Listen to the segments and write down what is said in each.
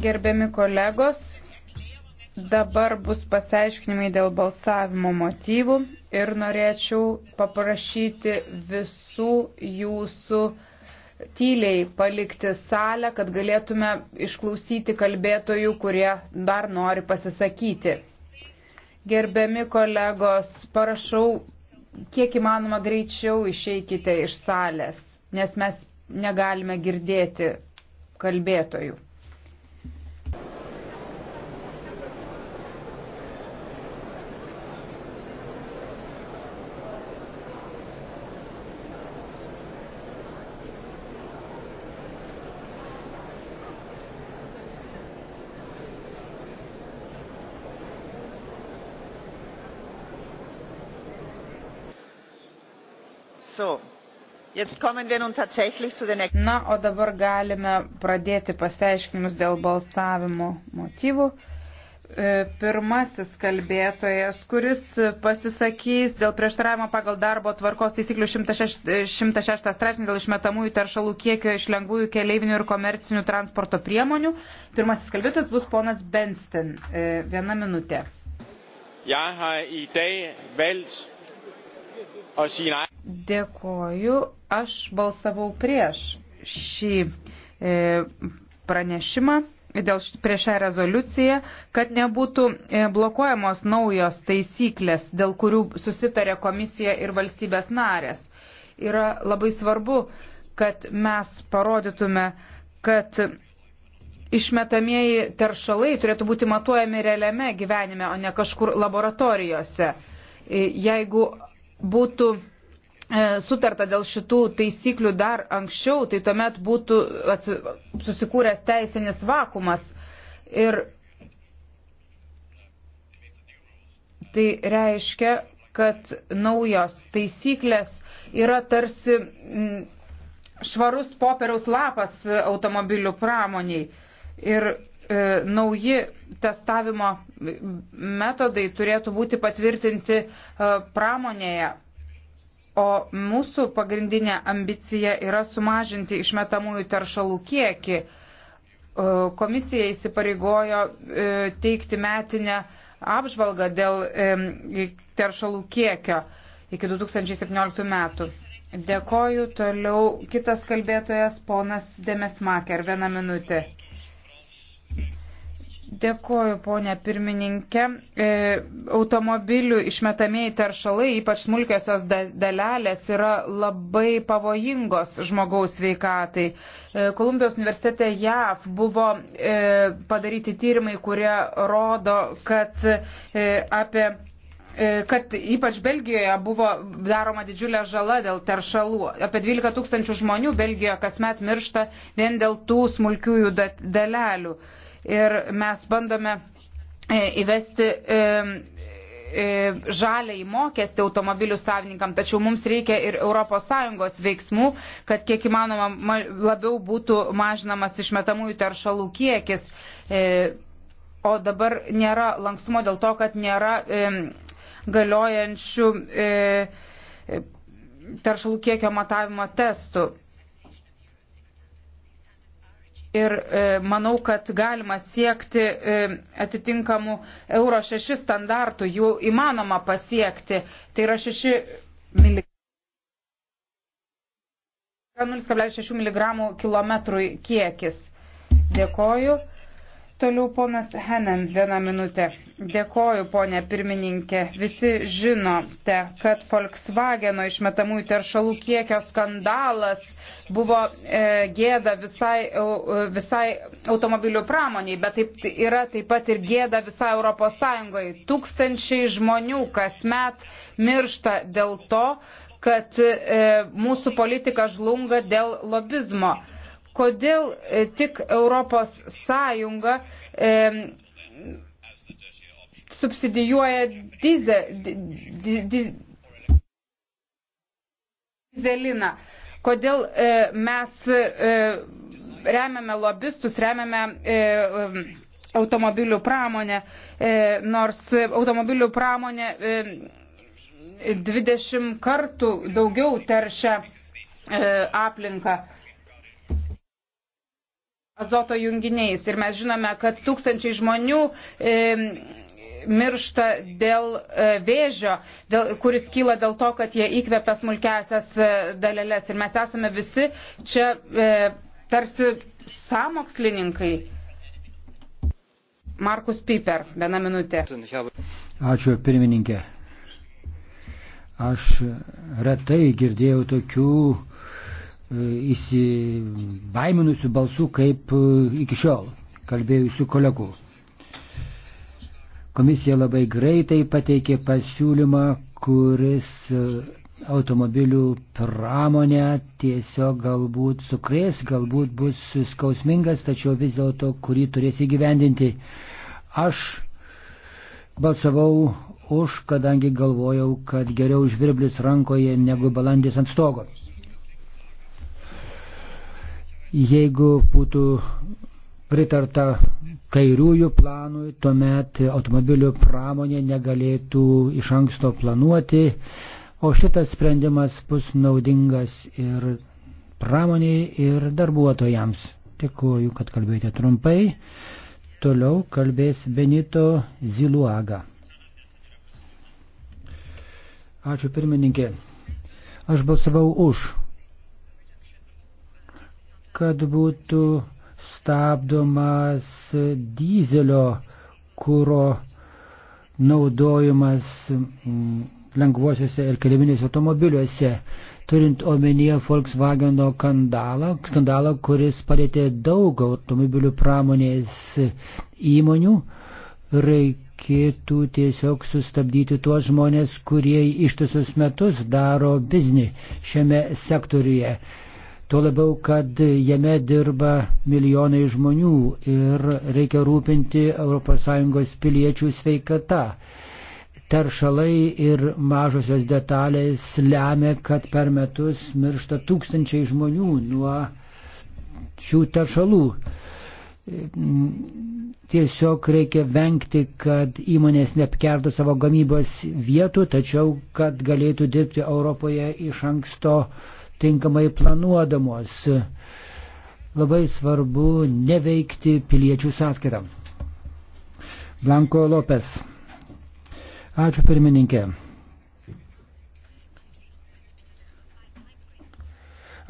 Gerbiami kolegos, dabar bus pasiaiškinimai dėl balsavimo motyvų ir norėčiau paprašyti visų jūsų tyliai palikti salę, kad galėtume išklausyti kalbėtojų, kurie dar nori pasisakyti. Gerbiami kolegos, parašau, kiek įmanoma greičiau išeikite iš salės, nes mes negalime girdėti kalbėtojų. Na, o dabar galime pradėti pasiaiškinimus dėl balsavimo motyvų. E, pirmasis kalbėtojas, kuris pasisakys dėl prieštaravimo pagal darbo tvarkos taisyklių 106, 106 e, straipsnį dėl išmetamųjų teršalų kiekio iš lengvųjų keleivinių ir komercinių transporto priemonių. Pirmasis kalbėtojas bus ponas Benstin. E, viena minutė. Jeg har i dag valgt Dėkoju. Aš balsavau prieš šį e, pranešimą, dėl, prieš šią rezoliuciją, kad nebūtų e, blokuojamos naujos taisyklės, dėl kurių susitarė komisija ir valstybės narės. Yra labai svarbu, kad mes parodytume, kad išmetamieji teršalai turėtų būti matuojami realiame gyvenime, o ne kažkur laboratorijose. E, jeigu būtų e, sutarta dėl šitų taisyklių dar anksčiau, tai tuomet būtų susikūręs teisinis vakumas. Ir tai reiškia, kad naujos taisyklės yra tarsi švarus popieriaus lapas automobilių pramoniai. Ir E, nauji testavimo metodai turėtų būti patvirtinti e, pramonėje. O mūsų pagrindinė ambicija yra sumažinti išmetamųjų teršalų kiekį. E, komisija įsipareigojo teikti metinę apžvalgą dėl teršalų kiekio iki 2017 metų. Dėkoju. Toliau kitas kalbėtojas, ponas Demesmaker. Vieną minutę. Dėkoju, ponė pirmininkė. E, automobilių išmetamieji teršalai, ypač smulkiosios dalelės, yra labai pavojingos žmogaus veikatai. E, Kolumbijos universitete JAV buvo e, padaryti tyrimai, kurie rodo, kad e, apie e, kad ypač Belgijoje buvo daroma didžiulė žala dėl teršalų. Apie 12 tūkstančių žmonių Belgijoje kasmet miršta vien dėl tų smulkiųjų dalelių. Da ir mes bandome e, įvesti e, e, žalę į mokestį automobilių savininkam, tačiau mums reikia ir ES veiksmų, kad kiek įmanoma labiau būtų mažinamas išmetamųjų teršalų kiekis. O dabar nėra lankstumo dėl to, kad nėra galiojančių teršalų kiekio matavimo testų ir e, manau, kad galima siekti e, atitinkamų Euro 6 standartų, jų įmanoma pasiekti. Tai yra 6 mg. 0,6 mg kilometrui kiekis. Dėkoju. Toliau ponas Henen, vieną minutę. Dėkoju, ponė pirmininkė. Visi žinote, kad Volkswageno išmetamųjų teršalų kiekio skandalas buvo e, gėda visai, e, visai automobilių pramoniai, bet taip yra taip pat ir gėda visai Europos Sąjungoje. Tūkstančiai žmonių kasmet miršta dėl to, kad e, mūsų politika žlunga dėl lobizmo. Kodėl e, tik Europos Sąjunga e, subsidijuoja dize, di, di, di, dizeliną? Kodėl e, mes e, remiame lobistus, remiame. E, e, automobilių pramonė, e, nors automobilių pramonė 20 e, kartų daugiau teršia aplinką azoto junginiais. Ir mes žinome, kad tūkstančiai žmonių e, miršta dėl e, vėžio, dėl, kuris kyla dėl to, kad jie įkvepia smulkesias e, dalelės. Ir mes esame visi čia e, tarsi samokslininkai. Markus Piper, viena minutė. Ačiū pirmininkė. Aš retai girdėjau tokių įsibaiminusių balsų kaip e, iki šiol kalbėjusių kolegų. Komisija labai greitai pateikė pasiūlymą, kuris e, automobilių pramonę tiesiog galbūt sukrės, galbūt bus skausmingas, tačiau vis dėlto kurį turės įgyvendinti. Aš balsavau už, kadangi galvojau, kad geriau žvirblis rankoje negu balandis ant stogo. Jeigu būtų pritarta kairiųjų planui, tuomet automobilių pramonė negalėtų iš anksto planuoti, o šitas sprendimas bus naudingas ir pramoniai, ir darbuotojams. Tikuoju, kad kalbėjote trumpai. Toliau kalbės Benito Ziluaga. Ačiū pirmininkė. Aš balsavau už kad būtų stabdomas dizelio kūro naudojimas mm, lengvuosiuose ir keliaminėse automobiliuose, turint omenyje Volkswageno skandalą, skandalą, kuris palėtė daug automobilių pramonės įmonių, reikėtų tiesiog sustabdyti tuos žmonės, kurie ištisus metus daro biznį šiame sektoriuje. Tuo labiau, kad jame dirba milijonai žmonių ir reikia rūpinti ES piliečių sveikata. Teršalai ir mažosios detalės lemia, kad per metus miršta tūkstančiai žmonių nuo šių teršalų. Tiesiog reikia vengti, kad įmonės neapkertų savo gamybos vietų, tačiau kad galėtų dirbti Europoje iš anksto uh, tinkamai planuodamos. Labai svarbu neveikti piliečių sąskaitą. Blanko Lopes. Ačiū pirmininkė.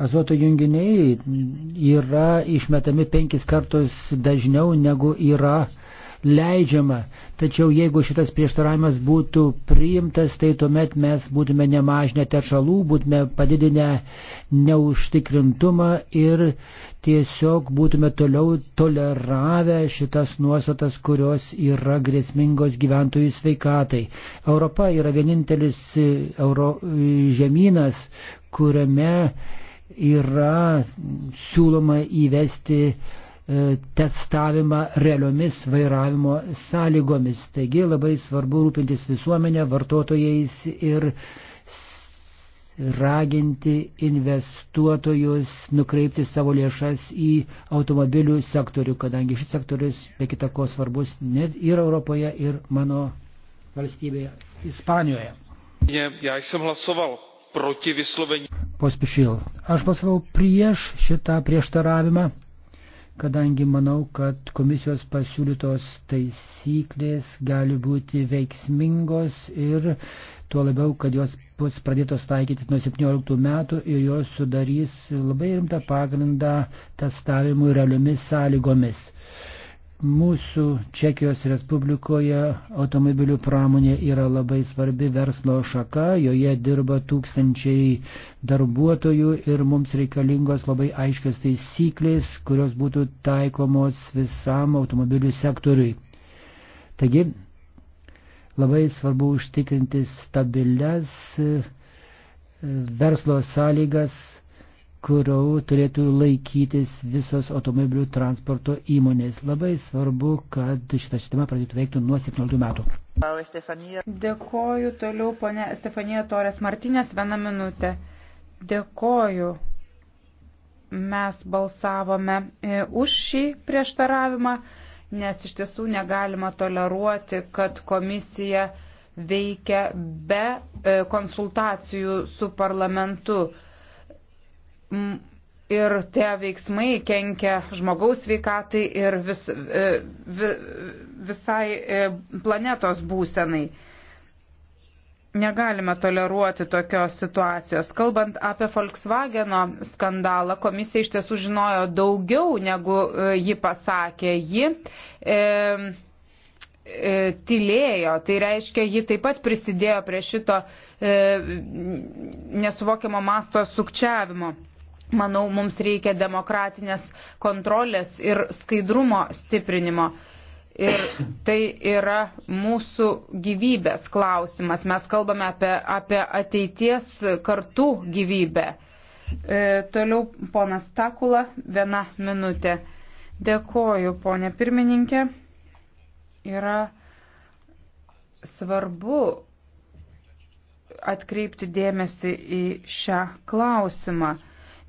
azoto junginiai yra išmetami penkis kartus dažniau negu yra leidžiama. Tačiau jeigu šitas prieštaravimas būtų priimtas, tai tuomet mes būtume nemažinę teršalų, būtume padidinę neužtikrintumą ir tiesiog būtume toliau toleravę šitas nuostatas, kurios yra grėsmingos gyventojų sveikatai. Europa yra vienintelis e, Euro e, žemynas, kuriame yra siūloma įvesti E, testavimą realiomis vairavimo sąlygomis. Taigi labai svarbu rūpintis visuomenę, vartotojais ir raginti investuotojus nukreipti savo lėšas į automobilių sektorių, kadangi šis sektorius be kitako svarbus net ir Europoje, ir mano valstybėje Ispanijoje. Ne, ja jsem hlasoval proti vyslovení. Pospišil. Aš pasavau prieš šitą prieštaravimą kadangi manau, kad komisijos pasiūlytos taisyklės gali būti veiksmingos ir tuo labiau, kad jos bus pradėtos taikyti nuo 17 metų ir jos sudarys labai rimtą pagrindą testavimui realiomis sąlygomis. Mūsų Čekijos Respublikoje automobilių pramonė yra labai svarbi verslo šaka, joje dirba tūkstančiai darbuotojų ir mums reikalingos labai aiškios taisyklės, kurios būtų taikomos visam automobilių sektoriui. Taigi, labai svarbu užtikrinti stabilias e, verslo sąlygas kurio turėtų laikytis visos automobilių transporto įmonės. Labai svarbu, kad šita sistema pradėtų veikti nuo 17 metų. Dėkoju toliau, ponė Stefanija Torės Martinės, vieną minutę. Dėkoju. Mes balsavome e, už šį prieštaravimą, nes iš tiesų negalima toleruoti, kad komisija veikia be e, konsultacijų su parlamentu Mm, ir tie veiksmai kenkia žmogaus sveikatai ir vis, e, vis, visai e, planetos būsenai. Negalime toleruoti tokios situacijos. Kalbant apie Volkswageno skandalą, komisija iš tiesų žinojo daugiau, negu e, ji pasakė. Ji e, e, tylėjo, tai reiškia, ji taip pat prisidėjo prie šito e, nesuvokiamo masto sukčiavimo. Manau, mums reikia demokratinės kontrolės ir skaidrumo stiprinimo. Ir tai yra mūsų gyvybės klausimas. Mes kalbame apie, apie ateities kartų gyvybę. E, toliau ponas Takula, viena minutė. Dėkoju, ponė pirmininkė. Yra svarbu atkreipti dėmesį į šią klausimą.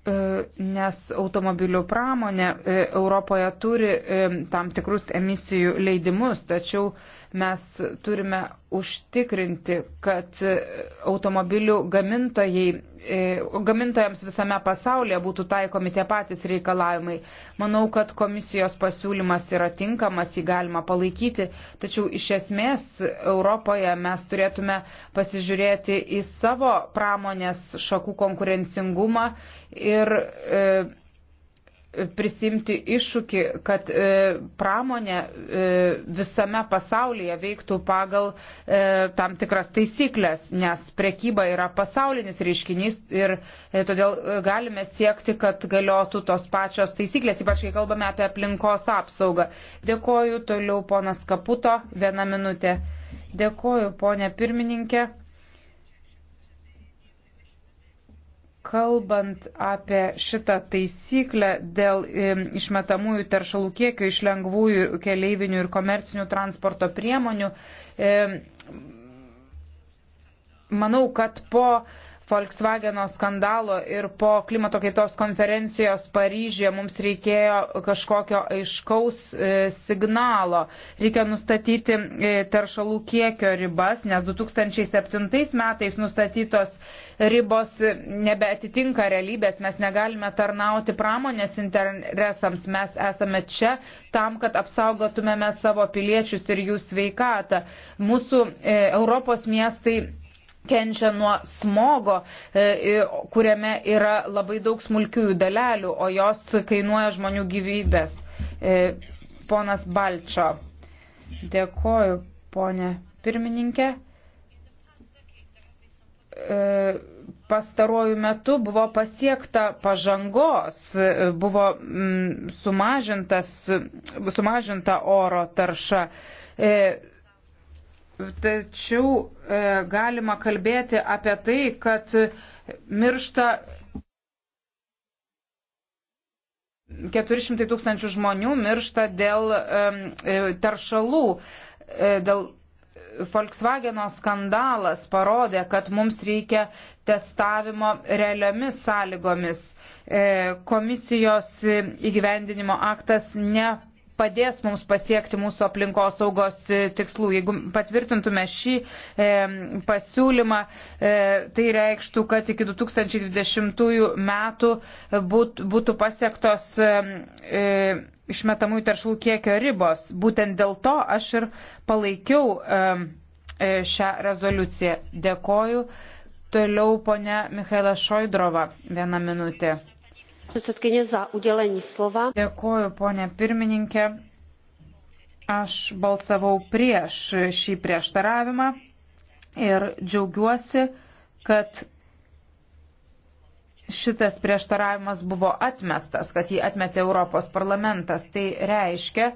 E, nes automobilių pramonė e, Europoje turi e, tam tikrus emisijų leidimus, tačiau mes turime užtikrinti, kad automobilių gamintojai, gamintojams visame pasaulyje būtų taikomi tie patys reikalavimai. Manau, kad komisijos pasiūlymas yra tinkamas, jį galima palaikyti, tačiau iš esmės Europoje mes turėtume pasižiūrėti į savo pramonės šakų konkurencingumą ir e, prisimti iššūkį, kad e, pramonė e, visame pasaulyje veiktų pagal e, tam tikras taisyklės, nes prekyba yra pasaulinis reiškinys ir e, todėl e, galime siekti, kad galiotų tos pačios taisyklės, ypač kai kalbame apie aplinkos apsaugą. Dėkoju toliau ponas Kaputo, vieną minutę. Dėkoju ponė pirmininkė. kalbant apie šitą taisyklę dėl išmetamųjų teršalų kiekio iš lengvųjų keleivinių ir komercinių transporto priemonių, manau, kad po Volkswageno skandalo ir po klimato kaitos konferencijos Paryžyje mums reikėjo kažkokio aiškaus e, signalo. Reikia nustatyti e, teršalų kiekio ribas, nes 2007 metais nustatytos ribos nebeatitinka realybės. Mes negalime tarnauti pramonės interesams. Mes esame čia tam, kad apsaugotumėme savo piliečius ir jų sveikatą. Mūsų e, Europos miestai kenčia nuo smogo, e, kuriame yra labai daug smulkiųjų dalelių, o jos kainuoja žmonių gyvybės. E, ponas Balčio. Dėkoju, ponė pirmininkė. E, pastaruoju metu buvo pasiekta pažangos, buvo sumažinta oro tarša Tačiau e, galima kalbėti apie tai, kad miršta 400 tūkstančių žmonių miršta dėl e, taršalų. E, dėl Volkswageno skandalas parodė, kad mums reikia testavimo realiamis sąlygomis. E, komisijos įgyvendinimo aktas ne padės mums pasiekti mūsų aplinkos saugos e, tikslų. Jeigu patvirtintume šį e, pasiūlymą, e, tai reikštų, kad iki 2020 metų būt, būtų pasiektos e, e, išmetamųjų teršalų kiekio ribos. Būtent dėl to aš ir palaikiau e, e šią rezoliuciją. Dėkoju. Toliau ponia Michaela Šoidrova. Vieną minutę předsedkyně za udělení slova. Dėkuoju, ponė pirmininkė. Aš balsavau prieš šį prieštaravimą ir džiaugiuosi, kad šitas prieštaravimas buvo atmestas, kad jį atmetė Europos parlamentas. Tai reiškia,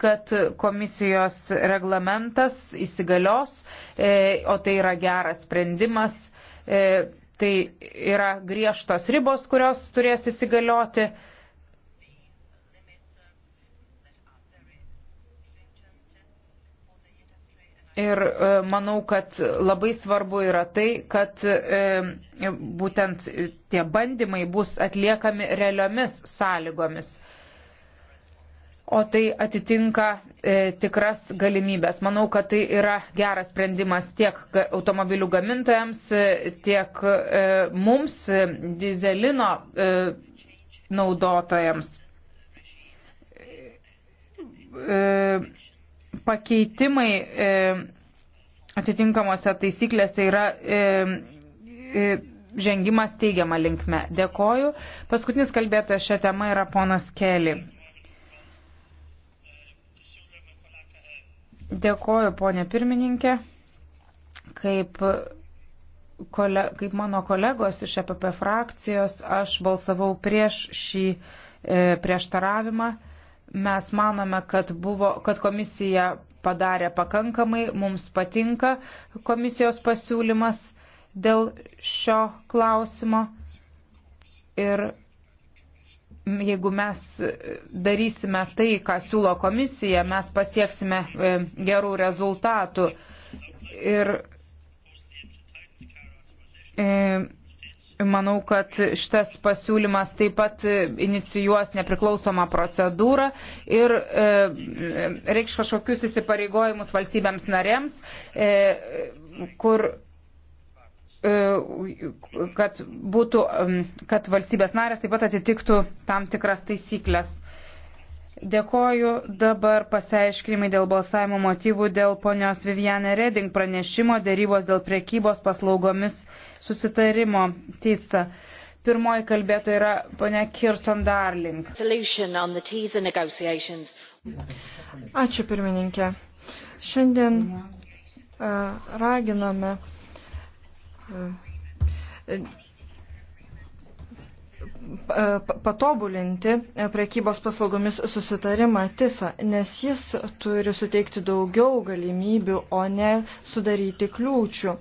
kad komisijos reglamentas įsigalios, e, o tai yra geras sprendimas e, Tai yra griežtos ribos, kurios turės įsigalioti. Ir e, manau, kad labai svarbu yra tai, kad e, būtent tie bandymai bus atliekami realiomis sąlygomis o tai atitinka e, tikras galimybės. Manau, kad tai yra geras sprendimas tiek automobilių gamintojams, e, tiek e, mums e, dizelino e, naudotojams. E, pakeitimai e, atitinkamuose taisyklėse yra. E, e, Žengimas teigiama linkme. Dėkoju. Paskutinis kalbėtojas šią temą yra ponas Keli. Dėkoju, ponė pirmininkė. Kaip, kole, kaip mano kolegos iš EPP frakcijos, aš balsavau prieš šį e, prieštaravimą. Mes manome, kad, buvo, kad komisija padarė pakankamai, mums patinka komisijos pasiūlymas dėl šio klausimo. Ir jeigu mes darysime tai, ką siūlo komisija, mes pasieksime e, gerų rezultatų. Ir e, manau, kad šitas pasiūlymas taip pat inicijuos nepriklausomą procedūrą ir e, reikš kažkokius įsipareigojimus valstybėms narėms, kur E, kad, būtų, kad valstybės narės taip pat atitiktų tam tikras taisyklės. Dėkoju dabar pasiaiškinimai dėl balsavimo motyvų dėl ponios Viviane Reding pranešimo dėrybos dėl priekybos paslaugomis susitarimo teisa. Pirmoji kalbėtoja yra ponia Kirton Darling. Ačiū pirmininkė. Šiandien uh, e, raginame uh, patobulinti prekybos paslaugomis susitarimą TISA, nes jis turi suteikti daugiau galimybių, o ne sudaryti kliūčių.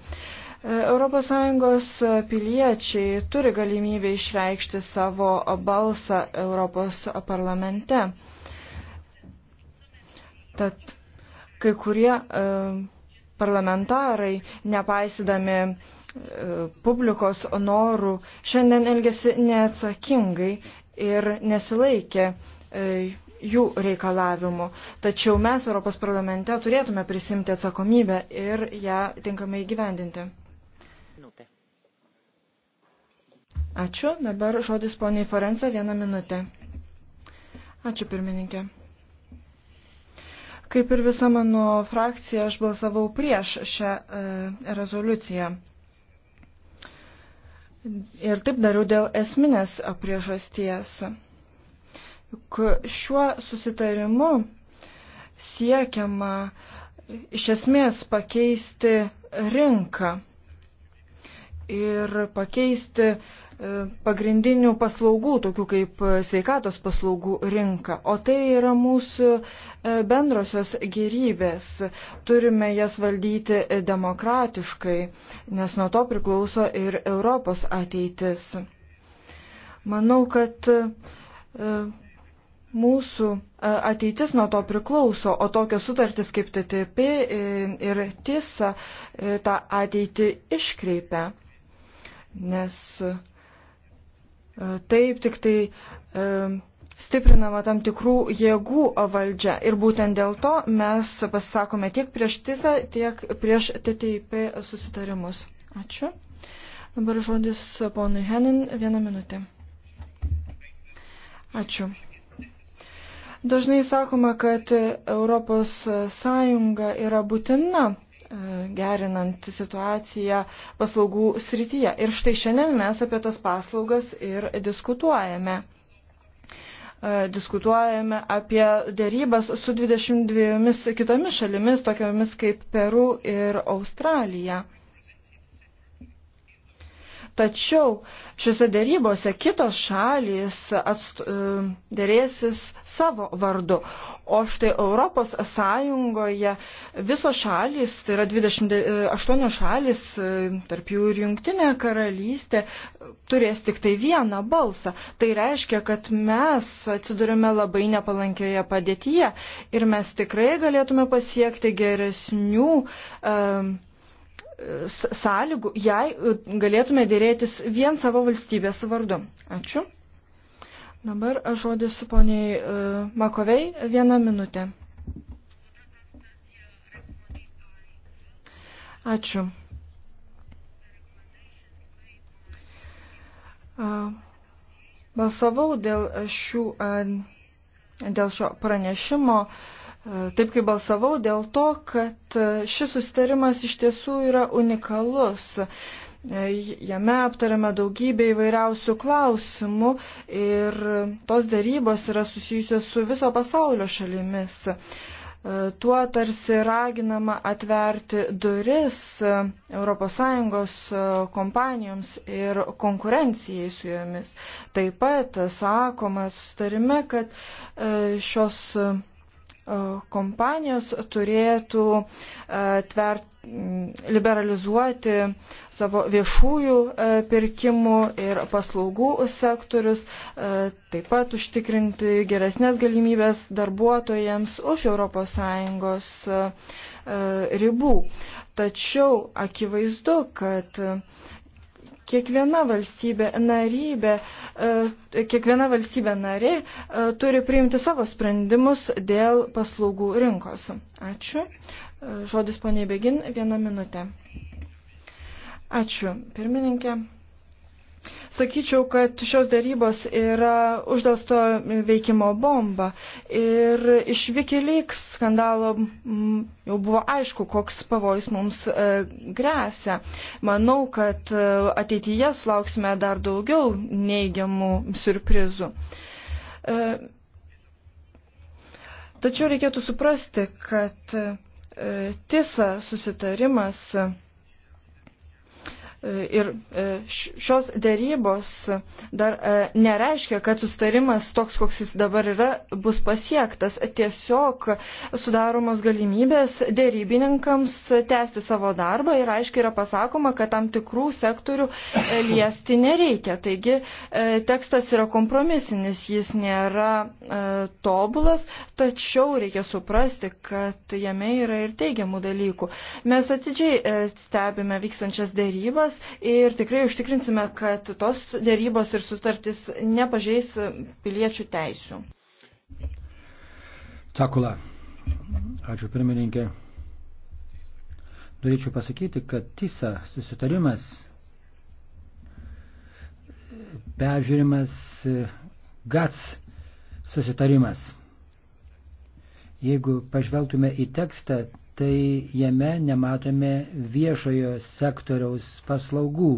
ES piliečiai turi galimybę išreikšti savo balsą Europos parlamente. Tad kai kurie e, parlamentarai, nepaisydami publikos norų šiandien elgesi neatsakingai ir nesilaikė e, jų reikalavimų. Tačiau mes Europos parlamente turėtume prisimti atsakomybę ir ją tinkamai gyvendinti. Ačiū. Dabar žodis poniai Forenca vieną minutę. Ačiū pirmininkė. Kaip ir visa mano frakcija, aš balsavau prieš šią e, rezoliuciją. Ir taip dariau dėl esminės priežasties. Juk šiuo susitarimu siekiama iš esmės pakeisti rinką ir pakeisti uh, pagrindinių paslaugų, tokių kaip sveikatos paslaugų rinka. O tai yra mūsų e, bendrosios gerybės. Turime jas valdyti demokratiškai, nes nuo to priklauso ir Europos ateitis. Manau, kad e, Mūsų e, ateitis nuo to priklauso, o tokios sutartys kaip TTP ir tiesa tą ateitį iškreipia. Nes Taip, tik tai e, stiprinama tam tikrų jėgų valdžia. Ir būtent dėl to mes pasisakome tiek prieš TISA, tiek prieš TTIP susitarimus. Ačiū. Dabar žodis ponui Henin, vieną minutę. Ačiū. Dažnai sakoma, kad ES yra būtina gerinant situaciją paslaugų srityje. Ir štai šiandien mes apie tas paslaugas ir diskutuojame. E, diskutuojame apie dėrybas su 22 kitomis šalimis, tokiomis kaip Peru ir Australija. Tačiau šiuose dėrybose kitos šalys atst, e, dėrėsis savo vardu, o štai Europos Sąjungoje visos šalys, tai yra 28 e, šalys, e, tarp jų ir jungtinė karalystė, turės tik tai vieną balsą. Tai reiškia, kad mes atsidurime labai nepalankioje padėtyje ir mes tikrai galėtume pasiekti geresnių. Um, sąlygų, jei e, galėtume dėrėtis vien savo valstybės vardu. Ačiū. Dabar žodis poniai e, Makovei vieną minutę. Ačiū. Balsavau dėl, šių, dėl šio pranešimo. Taip kaip balsavau dėl to, kad šis sustarimas iš tiesų yra unikalus. Jame aptarėme daugybę įvairiausių klausimų ir tos darybos yra susijusios su viso pasaulio šalimis. Tuo tarsi raginama atverti duris ES kompanijoms ir konkurencijai su jomis. Taip pat sakoma sustarime, kad e, šios E, kompanijos turėtų e, tvert, liberalizuoti savo viešųjų e, pirkimų ir paslaugų sektorius, taip pat užtikrinti geresnės galimybės darbuotojams už ES ribų. Tačiau akivaizdu, kad Kiekviena valstybė, narybė, e, kiekviena valstybė narė e, turi priimti savo sprendimus dėl paslaugų rinkos. Ačiū. E, žodis poniai Begin, vieną minutę. Ačiū, pirmininkė. Sakyčiau, kad šios darybos yra uždausto veikimo bomba. Ir iš Wikileaks skandalo mm, jau buvo aišku, koks pavojus mums e, grėsia. Manau, kad e, ateityje sulauksime dar daugiau neigiamų surprizų. E, tačiau reikėtų suprasti, kad tisa susitarimas Ir e, šios dėrybos dar e, nereiškia, kad sustarimas toks, koks jis dabar yra, bus pasiektas. Tiesiog sudaromos galimybės dėrybininkams tęsti savo darbą ir aiškiai yra pasakoma, kad tam tikrų sektorių e, liesti nereikia. Taigi tekstas yra kompromisinis, jis nėra tobulas, tačiau reikia suprasti, kad jame yra ir teigiamų dalykų. Mes atidžiai stebime vykstančias dėrybas dėrybas ir tikrai užtikrinsime, kad tos dėrybos ir sutartis nepažeis piliečių teisių. Takula. Ačiū pirmininkė. Norėčiau pasakyti, kad TISA susitarimas peržiūrimas GATS susitarimas. Jeigu pažvelgtume į tekstą, tai jame nematome viešojo sektoriaus paslaugų.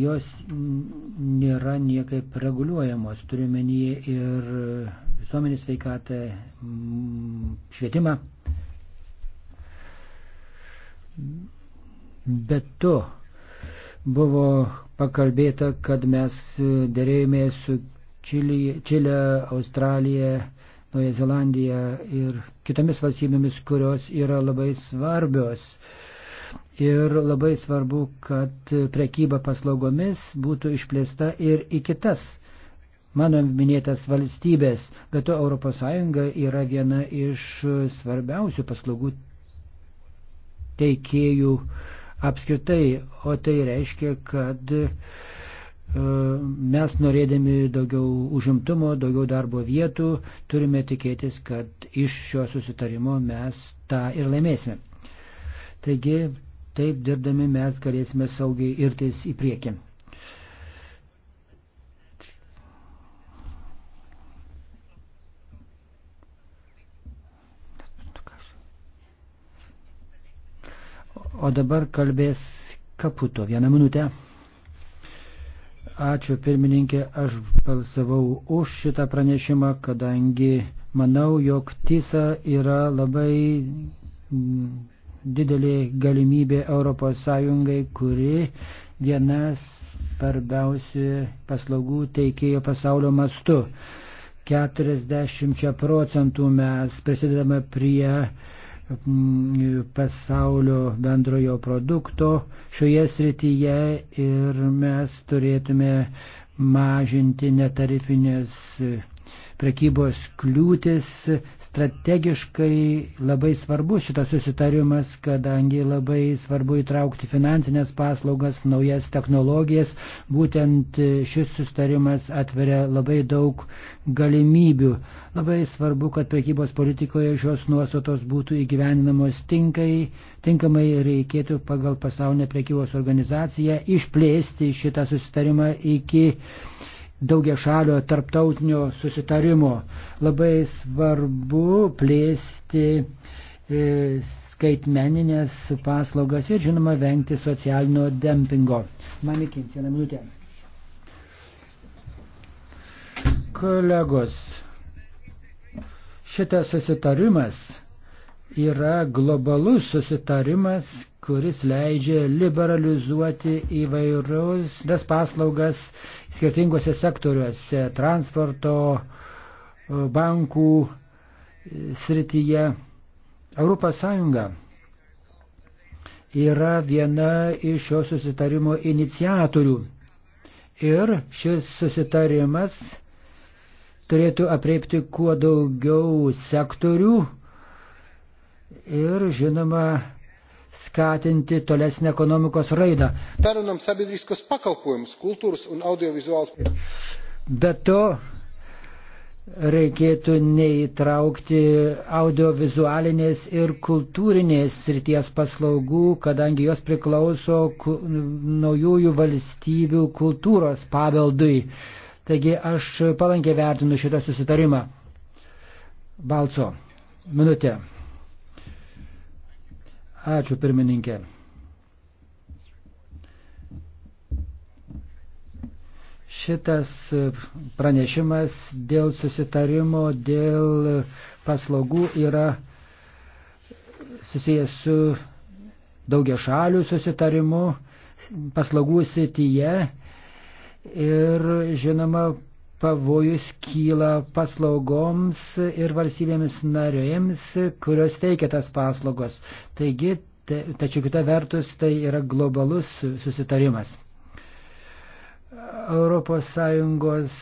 Jos nėra niekaip reguliuojamos, turiuomenyje ir visuomenės veikatą, mm, švietimą. Bet to buvo pakalbėta, kad mes dėrėjomės su Čilė, Australija, Nauja Zelandija ir kitomis valstybėmis, kurios yra labai svarbios. Ir labai svarbu, kad prekyba paslaugomis būtų išplėsta ir į kitas mano minėtas valstybės, bet to ES yra viena iš svarbiausių paslaugų teikėjų apskritai, o tai reiškia, kad E, mes norėdami daugiau užimtumo, daugiau darbo vietų, turime tikėtis, kad iš šio susitarimo mes tą ir laimėsime. Taigi, taip dirbdami mes galėsime saugiai irtis į priekį. O dabar kalbės Kaputo. Vieną minutę. Ačiū pirmininkė, aš balsavau už šitą pranešimą, kadangi manau, jog TISA yra labai didelė galimybė ES, kuri vienas svarbiausių paslaugų teikėjo pasaulio mastu. 40 procentų mes prisidedame prie pasaulio bendrojo produkto šioje srityje ir mes turėtume mažinti netarifinės prekybos kliūtis. Strategiškai labai svarbu šitas susitarimas, kadangi labai svarbu įtraukti finansinės paslaugas, naujas technologijas. Būtent šis susitarimas atveria labai daug galimybių. Labai svarbu, kad prekybos politikoje šios nuostatos būtų įgyveninamos tinkai, tinkamai reikėtų pagal pasaulinę prekybos organizaciją išplėsti šitą susitarimą iki daugia šalio tarptautinio susitarimo. Labai svarbu plėsti e, skaitmeninės paslaugas ir, žinoma, vengti socialinio dempingo. Mamikins, vieną minutę. Kolegos, šitas susitarimas yra globalus susitarimas, kuris leidžia liberalizuoti įvairius nes paslaugas skirtingose sektoriuose - transporto, bankų srityje. ES yra viena iš šio susitarimo iniciatorių. Ir šis susitarimas turėtų apreipti kuo daugiau sektorių, ir, žinoma, skatinti tolesnį ekonomikos raidą. Perinam sabiedriskos pakalpojimus, kultūros ir audiovizualas. Be to, reikėtų neįtraukti audiovizualinės ir kultūrinės srities paslaugų, kadangi jos priklauso naujųjų valstybių kultūros paveldui. Taigi aš palankiai vertinu šitą susitarimą. Balco, minutė. Ačiū pirmininkė. Šitas pranešimas dėl susitarimo, dėl paslaugų yra susijęs su daugia šalių susitarimu paslaugų sityje ir, žinoma, pavojus kyla paslaugoms ir valstybėms narėms, kurios teikia tas paslaugos. Taigi, te, tačiau kita vertus, tai yra globalus susitarimas. ES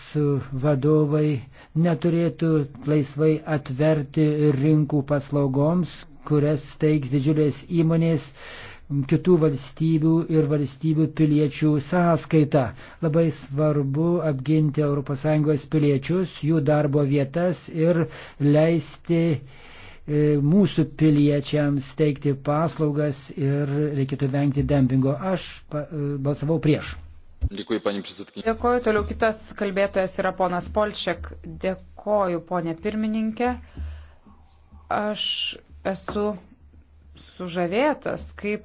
vadovai neturėtų laisvai atverti rinkų paslaugoms, kurias teiks didžiulės įmonės kitų valstybių ir valstybių piliečių sąskaita. Labai svarbu apginti ES piliečius, jų darbo vietas ir leisti e, mūsų piliečiams teikti paslaugas ir reikėtų vengti dempingo. Aš e, balsavau prieš. Dėkui, panie prisitkinė. Dėkoju, toliau kitas kalbėtojas yra ponas Polčiak. Dėkoju, ponė pirmininkė. Aš esu sužavėtas, kaip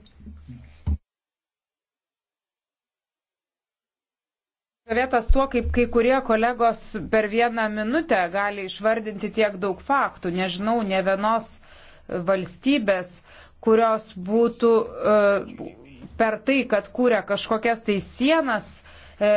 Žavėtas tuo, kaip kai kurie kolegos per vieną minutę gali išvardinti tiek daug faktų. Nežinau, ne vienos valstybės, kurios būtų e, per tai, kad kūrė kažkokias tai sienas, e,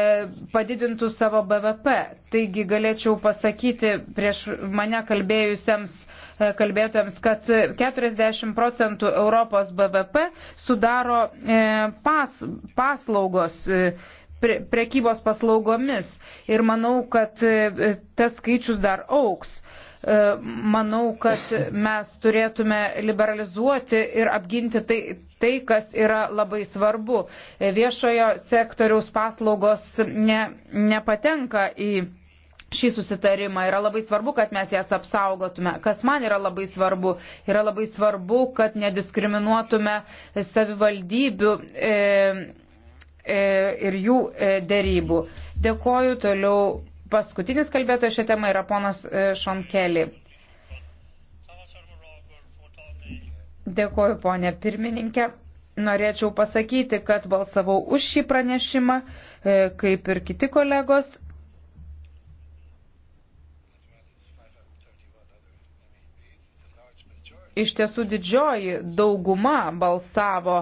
padidintų savo BVP. Taigi galėčiau pasakyti prieš mane kalbėjusiems E, kalbėtojams, kad 40 procentų Europos BVP sudaro e, pas, paslaugos e, pre, prekybos paslaugomis ir manau, kad tas skaičius dar auks. Manau, kad mes turėtume liberalizuoti ir apginti tai, tai kas yra labai svarbu. Viešojo sektoriaus paslaugos ne, nepatenka į šį susitarimą. Yra labai svarbu, kad mes jas apsaugotume. Kas man yra labai svarbu? Yra labai svarbu, kad nediskriminuotume savivaldybių e, e, ir jų e, dėrybų. Dėkoju toliau. Paskutinis kalbėtojas šią temą yra ponas Šonkeli. E, Dėkoju, ponė pirmininkė. Norėčiau pasakyti, kad balsavau už šį pranešimą, e, kaip ir kiti kolegos. iš tiesų didžioji dauguma balsavo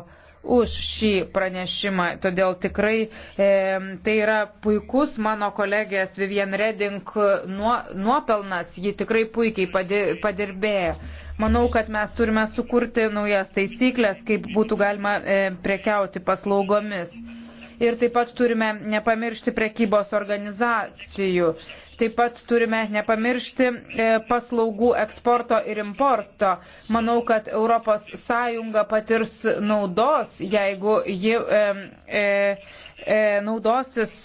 už šį pranešimą. Todėl tikrai e, tai yra puikus mano kolegės Vivian Reding nuo, nuopelnas. Ji tikrai puikiai padirbėjo. Manau, kad mes turime sukurti naujas taisyklės, kaip būtų galima e, prekiauti paslaugomis. Ir taip pat turime nepamiršti prekybos organizacijų. E, Taip pat turime nepamiršti e, paslaugų eksporto ir importo. Manau, kad ES patirs naudos, jeigu ji e, e, e, naudosis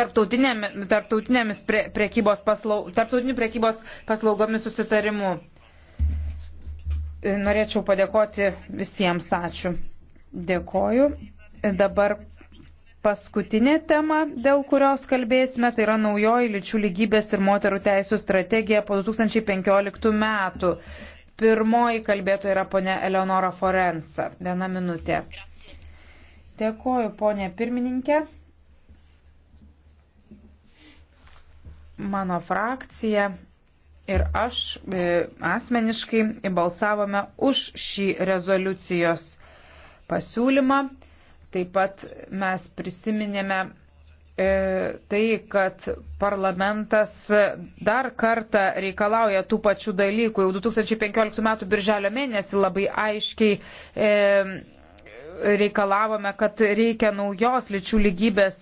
tarptautinėmis, tarptautinėmis pre, prekybos, paslau, tarptautinių prekybos paslaugomis susitarimu. Norėčiau padėkoti visiems. Ačiū. Dėkoju. Dabar paskutinė tema, dėl kurios kalbėsime, tai yra naujoji lyčių lygybės ir moterų teisų strategija po 2015 metų. Pirmoji kalbėtoja yra ponė Eleonora Forensa. Viena minutė. Dėkoju, ponė pirmininkė. Mano frakcija ir aš e, asmeniškai balsavome už šį rezoliucijos pasiūlymą. Taip pat mes prisiminėme e, tai, kad parlamentas dar kartą reikalauja tų pačių dalykų. Jau 2015 m. birželio mėnesį labai aiškiai e, reikalavome, kad reikia naujos lyčių lygybės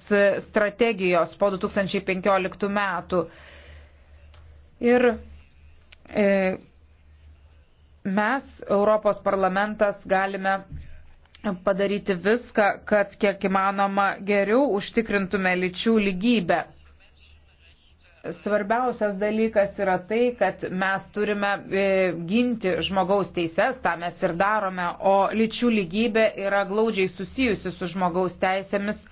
strategijos po 2015 metų. Ir e, mes, Europos parlamentas, galime padaryti viską, kad kiek įmanoma geriau užtikrintume lyčių lygybę. Svarbiausias dalykas yra tai, kad mes turime e, ginti žmogaus teises, tą mes ir darome, o lyčių lygybė yra glaudžiai susijusi su žmogaus teisėmis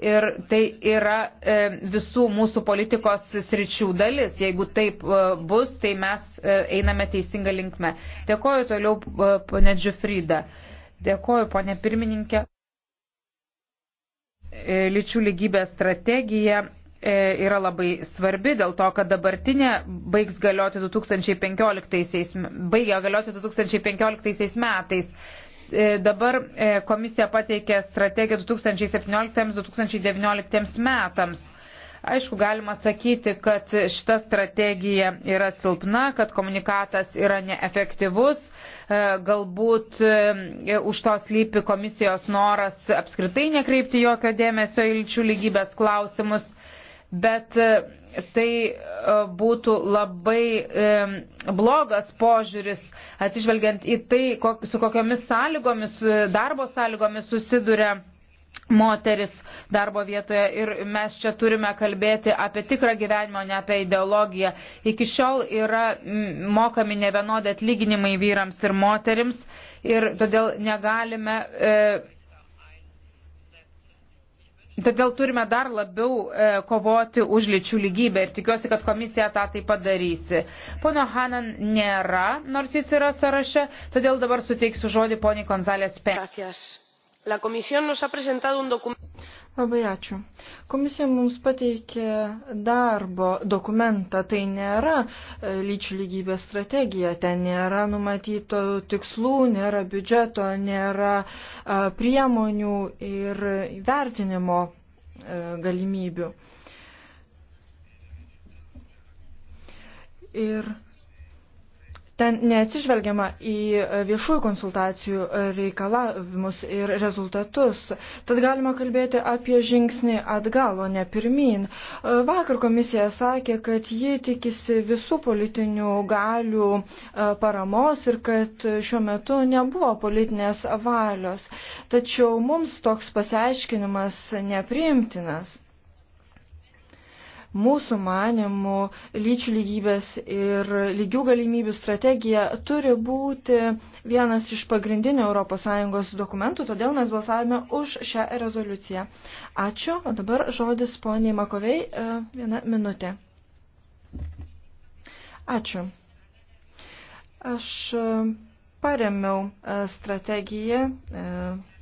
ir tai yra e, visų mūsų politikos sričių dalis. Jeigu taip e, bus, tai mes einame teisinga linkme. Dėkoju toliau, ponė Džiufrida. Dėkoju, ponė pirmininkė. E, lyčių lygybės strategija e, yra labai svarbi dėl to, kad dabartinė baigs galioti 2015, baigia galioti 2015 metais. E, dabar komisija pateikė strategiją 2017-2019 metams. Aišku, galima sakyti, kad šita strategija yra silpna, kad komunikatas yra neefektyvus, e, galbūt e, už to slypi komisijos noras apskritai nekreipti jokio dėmesio į lyčių lygybės klausimus, bet e, tai būtų labai blogas požiūris, atsižvelgiant į tai, su kokiamis sąlygomis, darbo sąlygomis susiduria moteris darbo vietoje ir mes čia turime kalbėti apie tikrą gyvenimą, ne apie ideologiją. Iki šiol yra mokami nevienodai atlyginimai vyrams ir moterims ir todėl negalime. E, Todėl turime dar labiau e, kovoti už lyčių lygybę ir tikiuosi, kad komisija tą tai padarysi. Pono Hanan nėra, nors jis yra sąraše, todėl dabar suteiksiu žodį poniai Konzalės Pen. Gracias. La Comisión nos ha presentado un documento. Labai ačiū. Komisija mums pateikė darbo dokumentą. Tai nėra e, lyčių lygybės strategija, ten nėra numatyto tikslų, nėra biudžeto, nėra e, priemonių ir vertinimo e, galimybių. Ir Ten neatsižvelgiama į viešųjų konsultacijų reikalavimus ir rezultatus. Tad galima kalbėti apie žingsnį atgal, o ne pirmin. Vakar komisija sakė, kad ji tikisi visų politinių galių e, paramos ir kad šiuo metu nebuvo politinės valios. Tačiau mums toks pasiaiškinimas nepriimtinas. Mūsų manimų lyčių lygybės ir lygių galimybių strategija turi būti vienas iš pagrindinių ES dokumentų, todėl mes balsavome už šią rezoliuciją. Ačiū, o dabar žodis poniai Makovei, e, viena minutė. Ačiū. Aš e, paremiau e, strategiją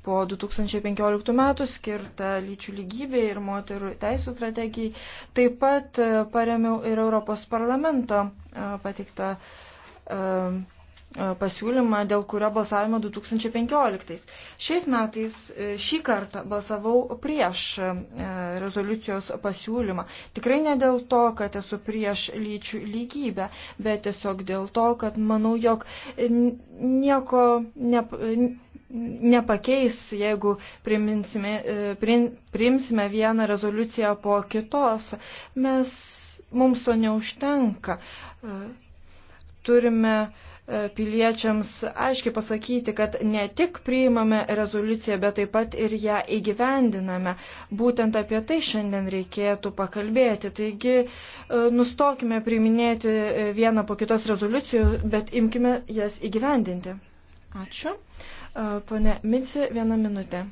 po 2015 metų skirtą lyčių lygybei ir moterų teisų strategijai. Taip pat e, paremiau ir Europos parlamento e, patiktą e, pasiūlymą, dėl kurio balsavimo 2015. Šiais metais šį kartą balsavau prieš rezoliucijos pasiūlymą. Tikrai ne dėl to, kad esu prieš lyčių lygybę, bet tiesiog dėl to, kad manau, jog nieko ne, nepakeis, jeigu priimsime, e, priimsime vieną rezoliuciją po kitos. Mes, mums to neužtenka. E, turime e, piliečiams aiškiai pasakyti, kad ne tik priimame rezoliuciją, bet taip pat ir ją įgyvendiname. Būtent apie tai šiandien reikėtų pakalbėti. Taigi nustokime priiminėti vieną po kitos rezoliucijų, bet imkime jas įgyvendinti. Ačiū. E, pone Mitsi, vieną minutę.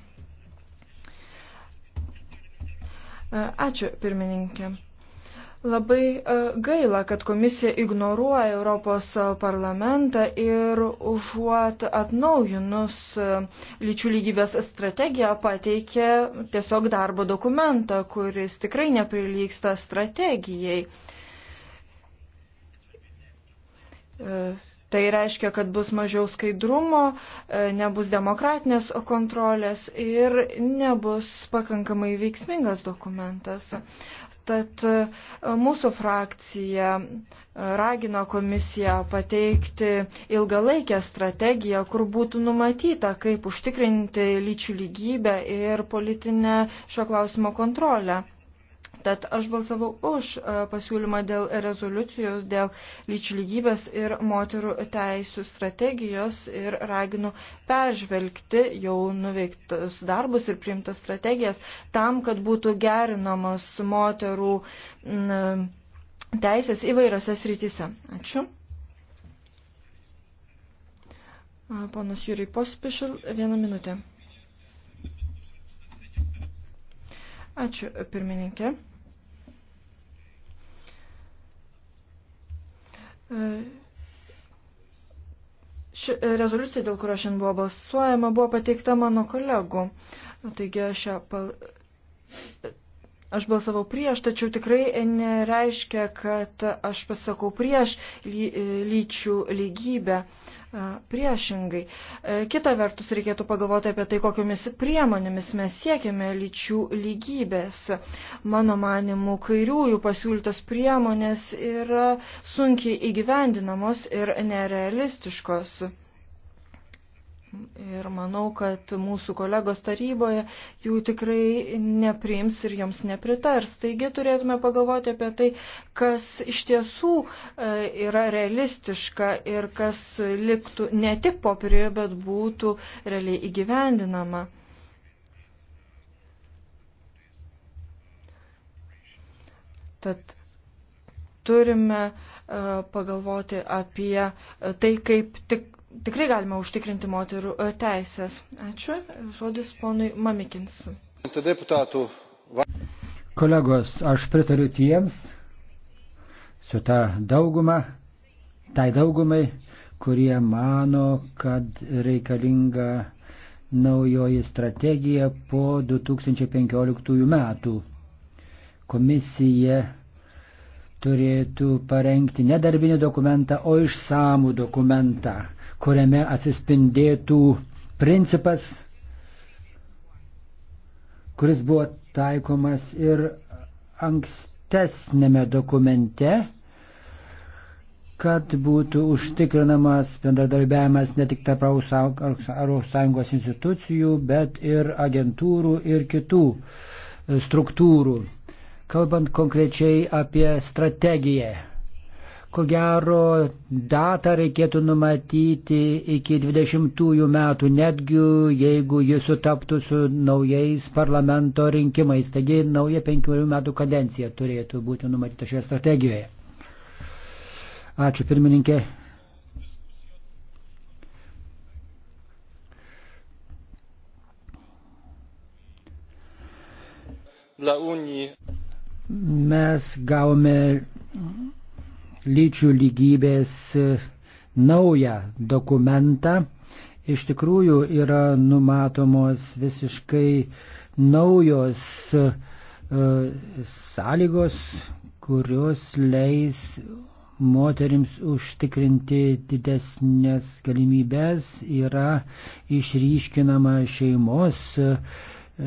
E, ačiū, pirmininkė. Labai e, gaila, kad komisija ignoruoja Europos parlamentą ir užuot atnaujinus lyčių lygybės strategiją pateikė tiesiog darbo dokumentą, kuris tikrai neprilyksta strategijai. Tai reiškia, kad bus mažiau skaidrumo, e, nebus demokratinės kontrolės ir nebus pakankamai veiksmingas dokumentas. Tad e, mūsų frakcija e, ragina komisiją pateikti ilgalaikę strategiją, kur būtų numatyta, kaip užtikrinti lyčių lygybę ir politinę šio klausimo kontrolę. Tad aš balsavau už e, pasiūlymą dėl rezoliucijos, dėl lyčių lygybės ir moterų teisų strategijos ir raginu peržvelgti jau nuveiktus darbus ir priimtas strategijas tam, kad būtų gerinamos moterų teisės įvairiose srityse. Ačiū. Ponas Jūriai Pospišil, vieną minutę. Ačiū, pirmininkė. Ši rezoliucija, dėl kurio šiandien buvo balsuojama, buvo pateikta mano kolegų. Taigi aš, ją, aš balsavau prieš, tačiau tikrai nereiškia, kad aš pasakau prieš ly, lyčių lygybę. Priešingai. E, kita vertus, reikėtų pagalvoti apie tai, kokiomis priemonėmis mes siekiame lyčių lygybės. Mano manimu, kairiųjų pasiūlytos priemonės yra sunkiai įgyvendinamos ir nerealistiškos. Ir manau, kad mūsų kolegos taryboje jų tikrai nepriims ir joms nepritars. Taigi turėtume pagalvoti apie tai, kas iš tiesų e, yra realistiška ir kas liktų ne tik popierioje, bet būtų realiai įgyvendinama. Tad turime e, pagalvoti apie tai, kaip tik tikrai galima užtikrinti moterų e, teisės. Ačiū. Žodis ponui Mamikins. Kolegos, aš pritariu tiems su ta dauguma, tai daugumai, kurie mano, kad reikalinga naujoji strategija po 2015 metų. Komisija turėtų parengti ne darbinį dokumentą, o išsamų dokumentą kuriame atsispindėtų principas, kuris buvo taikomas ir ankstesnėme dokumente, kad būtų užtikrinamas bendradarbiavimas ne tik tarp sąjungos institucijų, bet ir agentūrų ir kitų e, struktūrų. Kalbant konkrečiai apie strategiją Ko gero, datą reikėtų numatyti iki 20 metų, netgi jeigu jis sutaptų su naujais parlamento rinkimais. Taigi nauja penkerių metų kadencija turėtų būti numatyta šioje strategijoje. Ačiū pirmininkė. Mes gavome lyčių lygybės e, naują dokumentą. Iš tikrųjų yra numatomos visiškai naujos uh, sąlygos, kurios leis moterims užtikrinti didesnės galimybės, yra išryškinama šeimos uh, E,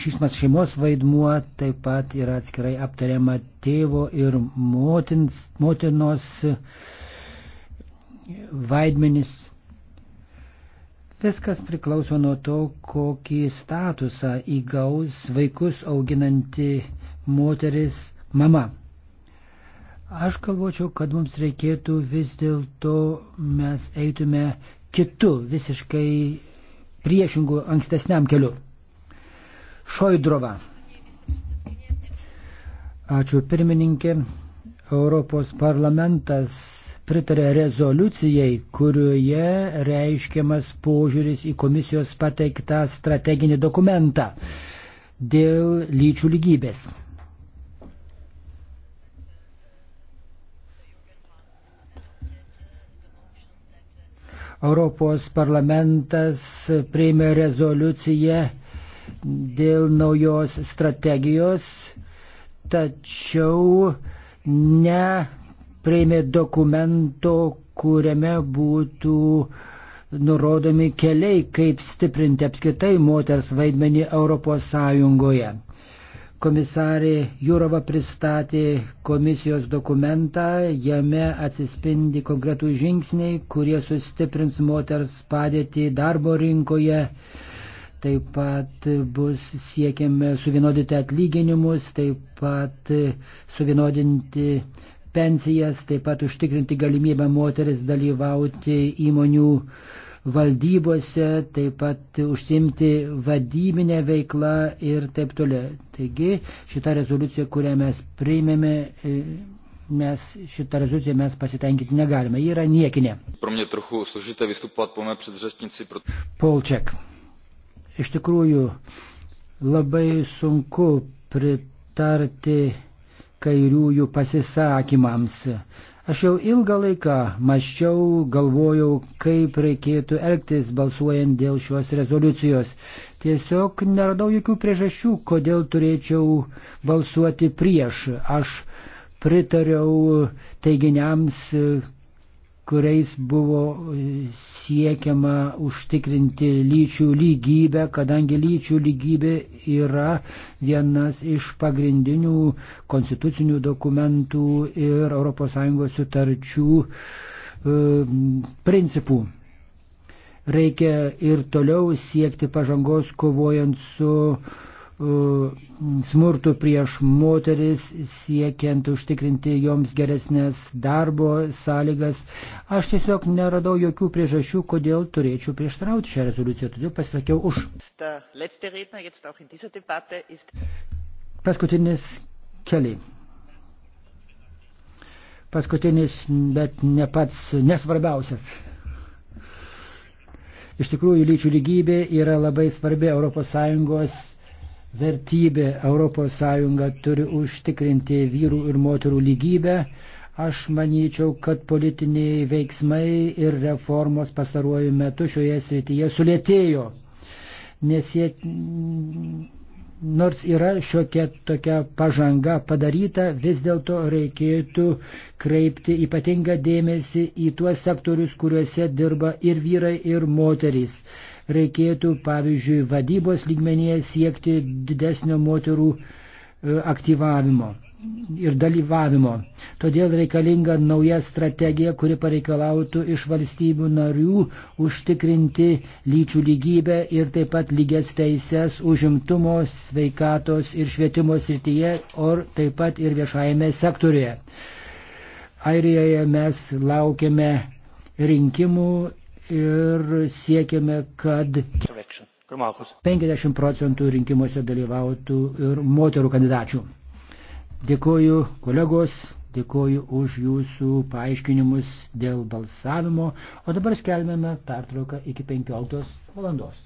Šismas šeimos vaidmuo taip pat yra atskirai aptariama tėvo ir motins, motinos vaidmenis. Viskas priklauso nuo to, kokį statusą įgaus vaikus auginanti moteris mama. Aš galvočiau, kad mums reikėtų vis dėlto mes eitume kitų visiškai priešingų ankstesniam keliu. Šoidrova. Ačiū pirmininkė. Europos parlamentas pritarė rezoliucijai, kurioje reiškiamas požiūris į komisijos pateiktą strateginį dokumentą dėl lyčių lygybės. Europos parlamentas priėmė rezoliuciją dėl naujos strategijos, tačiau nepriėmė dokumento, kuriame būtų nurodomi keliai, kaip stiprinti apskaitai moters vaidmenį Europos Sąjungoje. Komisarė Jūrova pristatė komisijos dokumentą, jame atsispindi konkretų žingsniai, kurie sustiprins moters padėtį darbo rinkoje. Taip pat bus siekiame suvienodinti atlyginimus, taip pat suvienodinti pensijas, taip pat užtikrinti galimybę moteris dalyvauti įmonių uh, valdybose, taip pat užsimti vadybinę veiklą ir taip toliau. Taigi šitą rezoliuciją, kurią mes priimėme, e, mes šitą rezoliuciją mes pasitenkinti negalime. Ji yra niekinė. Polčiak. Iš tikrųjų, labai sunku pritarti kairiųjų pasisakymams. Aš jau ilgą laiką maščiau, galvojau, kaip reikėtų elgtis balsuojant dėl šios rezoliucijos. Tiesiog neradau jokių priežasčių, kodėl turėčiau balsuoti prieš. Aš pritariau teiginiams, kuriais buvo siekiama užtikrinti lyčių lygybę, kadangi lyčių lygybė yra vienas iš pagrindinių konstitucinių dokumentų ir ES sutarčių e, principų. Reikia ir toliau siekti pažangos kovojant su Uh, smurtų prieš moteris, siekiant užtikrinti joms geresnės darbo sąlygas. Aš tiesiog neradau jokių priežasčių, kodėl turėčiau prieštarauti šią rezoliuciją, todėl pasisakiau už. Paskutinis keliai. Paskutinis, bet ne pats nesvarbiausias. Iš tikrųjų, lyčių lygybė yra labai svarbi ES vertybė ES turi užtikrinti vyrų ir moterų lygybę. Aš manyčiau, kad politiniai veiksmai ir reformos pastaruoju metu šioje srityje sulėtėjo. Nes jie, nors yra šiokia tokia pažanga padaryta, vis dėlto reikėtų kreipti ypatingą dėmesį į tuos sektorius, kuriuose dirba ir vyrai, ir moterys reikėtų, pavyzdžiui, vadybos lygmenyje siekti didesnio moterų e, aktyvavimo ir dalyvavimo. Todėl reikalinga nauja strategija, kuri pareikalautų iš valstybių narių užtikrinti lyčių lygybę ir taip pat lygias teises užimtumo, sveikatos ir švietimo srityje, o taip pat ir viešajame sektorėje. Airijoje mes laukiame rinkimų ir siekiame, kad 50 procentų rinkimuose dalyvautų ir moterų kandidačių. Dėkoju kolegos, dėkoju už jūsų paaiškinimus dėl balsavimo, o dabar skelbėme pertrauką iki 15 valandos.